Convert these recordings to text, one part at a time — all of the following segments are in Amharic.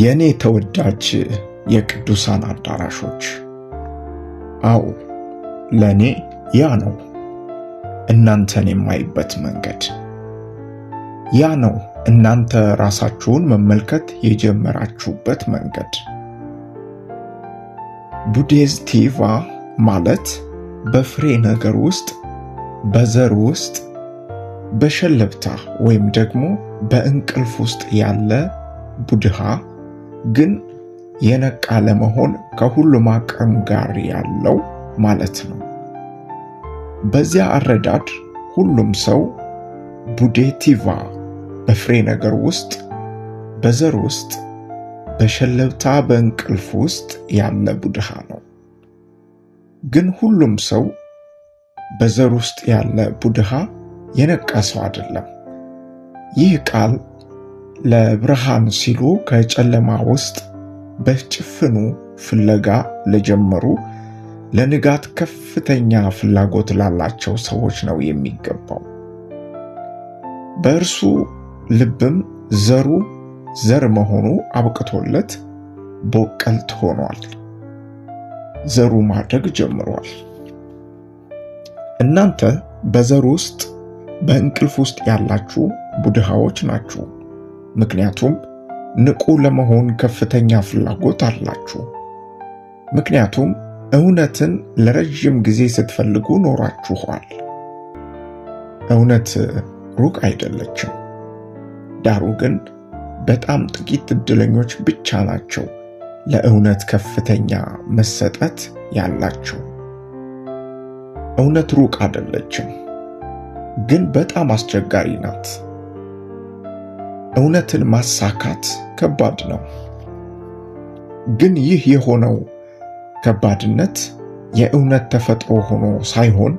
የእኔ ተወዳጅ የቅዱሳን አዳራሾች። አዎ ለእኔ ያ ነው እናንተን የማይበት መንገድ። ያ ነው እናንተ ራሳችሁን መመልከት የጀመራችሁበት መንገድ። ቡዴስቲቫ ማለት በፍሬ ነገር ውስጥ በዘር ውስጥ በሸለብታ ወይም ደግሞ በእንቅልፍ ውስጥ ያለ ቡድሃ ግን የነቃ ለመሆን ከሁሉም አቅም ጋር ያለው ማለት ነው። በዚያ አረዳድ ሁሉም ሰው ቡዴቲቫ በፍሬ ነገር ውስጥ፣ በዘር ውስጥ፣ በሸለብታ በእንቅልፍ ውስጥ ያለ ቡድሃ ነው። ግን ሁሉም ሰው በዘር ውስጥ ያለ ቡድሃ የነቃ ሰው አይደለም። ይህ ቃል ለብርሃን ሲሉ ከጨለማ ውስጥ በጭፍኑ ፍለጋ ለጀመሩ ለንጋት ከፍተኛ ፍላጎት ላላቸው ሰዎች ነው የሚገባው። በእርሱ ልብም ዘሩ ዘር መሆኑ አብቅቶለት ቦቀልት ሆኗል። ዘሩ ማደግ ጀምሯል። እናንተ በዘር ውስጥ በእንቅልፍ ውስጥ ያላችሁ ቡድሃዎች ናችሁ። ምክንያቱም ንቁ ለመሆን ከፍተኛ ፍላጎት አላችሁ። ምክንያቱም እውነትን ለረዥም ጊዜ ስትፈልጉ ኖራችኋል። እውነት ሩቅ አይደለችም። ዳሩ ግን በጣም ጥቂት እድለኞች ብቻ ናቸው ለእውነት ከፍተኛ መሰጠት ያላቸው። እውነት ሩቅ አይደለችም፣ ግን በጣም አስቸጋሪ ናት። እውነትን ማሳካት ከባድ ነው። ግን ይህ የሆነው ከባድነት የእውነት ተፈጥሮ ሆኖ ሳይሆን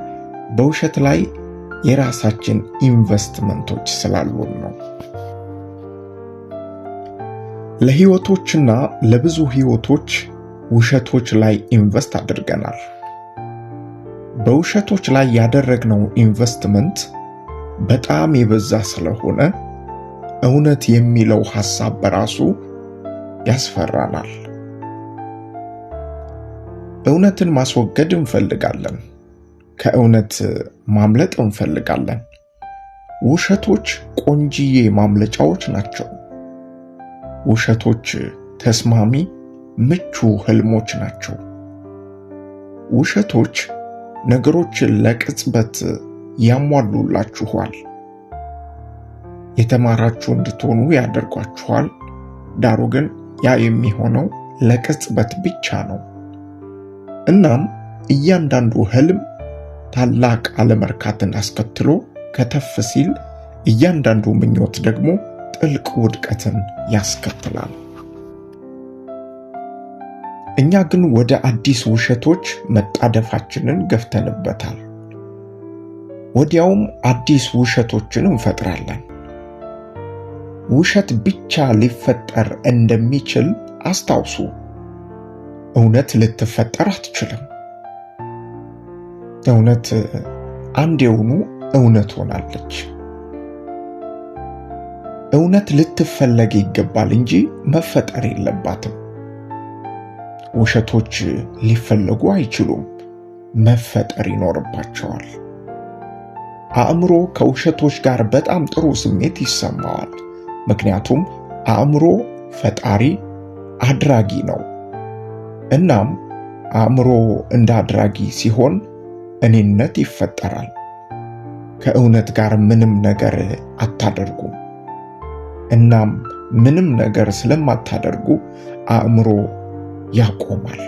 በውሸት ላይ የራሳችን ኢንቨስትመንቶች ስላሉን ነው። ለህይወቶችና ለብዙ ህይወቶች ውሸቶች ላይ ኢንቨስት አድርገናል። በውሸቶች ላይ ያደረግነው ኢንቨስትመንት በጣም የበዛ ስለሆነ እውነት የሚለው ሐሳብ በራሱ ያስፈራናል። እውነትን ማስወገድ እንፈልጋለን። ከእውነት ማምለጥ እንፈልጋለን። ውሸቶች ቆንጂዬ ማምለጫዎች ናቸው። ውሸቶች ተስማሚ ምቹ ህልሞች ናቸው። ውሸቶች ነገሮችን ለቅጽበት ያሟሉላችኋል። የተማራችሁ እንድትሆኑ ያደርጓችኋል። ዳሩ ግን ያ የሚሆነው ለቅጽበት ብቻ ነው። እናም እያንዳንዱ ህልም ታላቅ አለመርካትን አስከትሎ ከተፍ ሲል፣ እያንዳንዱ ምኞት ደግሞ ጥልቅ ውድቀትን ያስከትላል። እኛ ግን ወደ አዲስ ውሸቶች መጣደፋችንን ገፍተንበታል። ወዲያውም አዲስ ውሸቶችን እንፈጥራለን። ውሸት ብቻ ሊፈጠር እንደሚችል አስታውሱ። እውነት ልትፈጠር አትችልም። እውነት አንዴውኑ እውነት ሆናለች። እውነት ልትፈለግ ይገባል እንጂ መፈጠር የለባትም። ውሸቶች ሊፈለጉ አይችሉም፣ መፈጠር ይኖርባቸዋል። አእምሮ ከውሸቶች ጋር በጣም ጥሩ ስሜት ይሰማዋል። ምክንያቱም አእምሮ ፈጣሪ አድራጊ ነው። እናም አእምሮ እንደ አድራጊ ሲሆን እኔነት ይፈጠራል። ከእውነት ጋር ምንም ነገር አታደርጉም። እናም ምንም ነገር ስለማታደርጉ አእምሮ ያቆማል።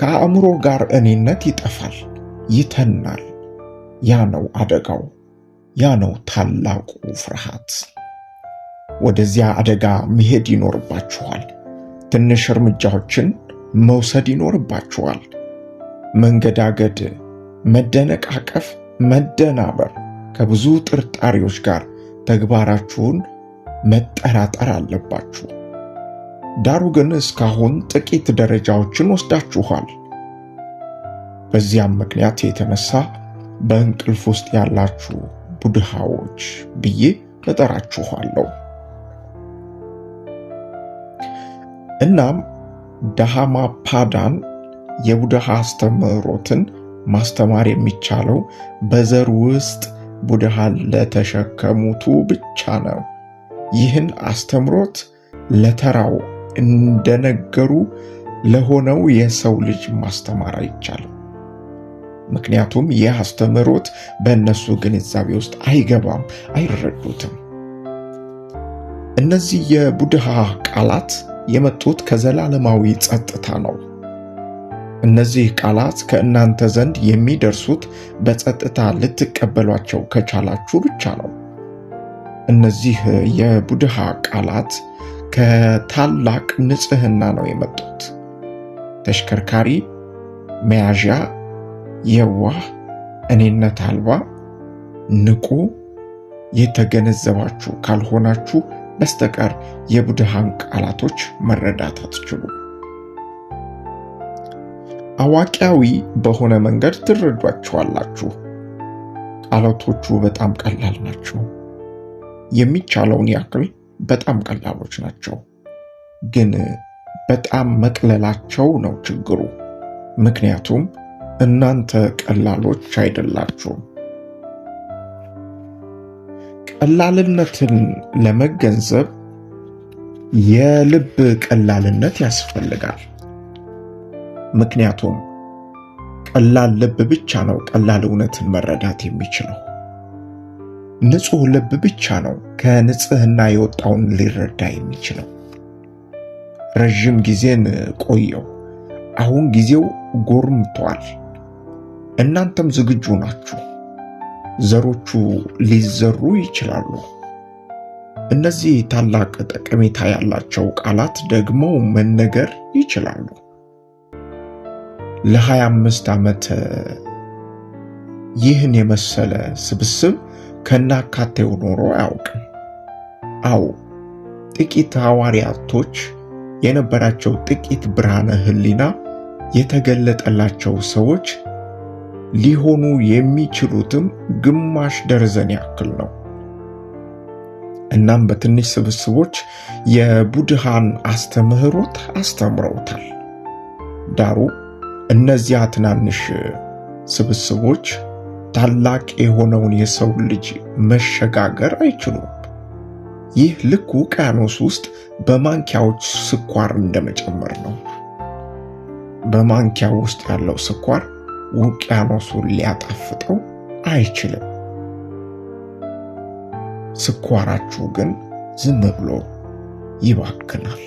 ከአእምሮ ጋር እኔነት ይጠፋል፣ ይተናል። ያ ነው አደጋው። ያ ነው ታላቁ ፍርሃት። ወደዚያ አደጋ መሄድ ይኖርባችኋል። ትንሽ እርምጃዎችን መውሰድ ይኖርባችኋል። መንገዳገድ፣ መደነቃቀፍ፣ መደናበር ከብዙ ጥርጣሬዎች ጋር ተግባራችሁን መጠራጠር አለባችሁ። ዳሩ ግን እስካሁን ጥቂት ደረጃዎችን ወስዳችኋል። በዚያም ምክንያት የተነሳ በእንቅልፍ ውስጥ ያላችሁ ቡድሃዎች ብዬ እጠራችኋለሁ። እናም ፓዳን የቡድሃ አስተምህሮትን ማስተማር የሚቻለው በዘር ውስጥ ቡድሃን ለተሸከሙቱ ብቻ ነው። ይህን አስተምሮት ለተራው እንደነገሩ ለሆነው የሰው ልጅ ማስተማር አይቻልም። ምክንያቱም ይህ አስተምህሮት በእነሱ ግንዛቤ ውስጥ አይገባም፣ አይረዱትም። እነዚህ የቡድሃ ቃላት የመጡት ከዘላለማዊ ጸጥታ ነው። እነዚህ ቃላት ከእናንተ ዘንድ የሚደርሱት በጸጥታ ልትቀበሏቸው ከቻላችሁ ብቻ ነው። እነዚህ የቡድሃ ቃላት ከታላቅ ንጽህና ነው የመጡት። ተሽከርካሪ፣ መያዣ፣ የዋህ፣ እኔነት አልባ፣ ንቁ የተገነዘባችሁ ካልሆናችሁ በስተቀር የቡድሃን ቃላቶች መረዳት አትችሉ። አዋቂያዊ በሆነ መንገድ ትረዷቸዋላችሁ። ቃላቶቹ በጣም ቀላል ናቸው። የሚቻለውን ያክል በጣም ቀላሎች ናቸው። ግን በጣም መቅለላቸው ነው ችግሩ። ምክንያቱም እናንተ ቀላሎች አይደላችሁም። ቀላልነትን ለመገንዘብ የልብ ቀላልነት ያስፈልጋል። ምክንያቱም ቀላል ልብ ብቻ ነው ቀላል እውነትን መረዳት የሚችለው። ንጹህ ልብ ብቻ ነው ከንጽህና የወጣውን ሊረዳ የሚችለው። ረዥም ጊዜን ቆየው። አሁን ጊዜው ጎርምቷል። እናንተም ዝግጁ ናችሁ። ዘሮቹ ሊዘሩ ይችላሉ። እነዚህ ታላቅ ጠቀሜታ ያላቸው ቃላት ደግሞ መነገር ይችላሉ። ለ25 ዓመት ይህን የመሰለ ስብስብ ከናካቴው ኖሮ አያውቅም። አዎ ጥቂት ሐዋርያቶች የነበራቸው ጥቂት ብርሃነ ሕሊና የተገለጠላቸው ሰዎች ሊሆኑ የሚችሉትም ግማሽ ደርዘን ያክል ነው። እናም በትንሽ ስብስቦች የቡድሃን አስተምህሮት አስተምረውታል። ዳሩ እነዚያ ትናንሽ ስብስቦች ታላቅ የሆነውን የሰው ልጅ መሸጋገር አይችሉም። ይህ ልክ ውቅያኖስ ውስጥ በማንኪያዎች ስኳር እንደመጨመር ነው። በማንኪያ ውስጥ ያለው ስኳር ውቅያኖሱን ሊያጣፍጠው አይችልም። ስኳራችሁ ግን ዝም ብሎ ይባክናል።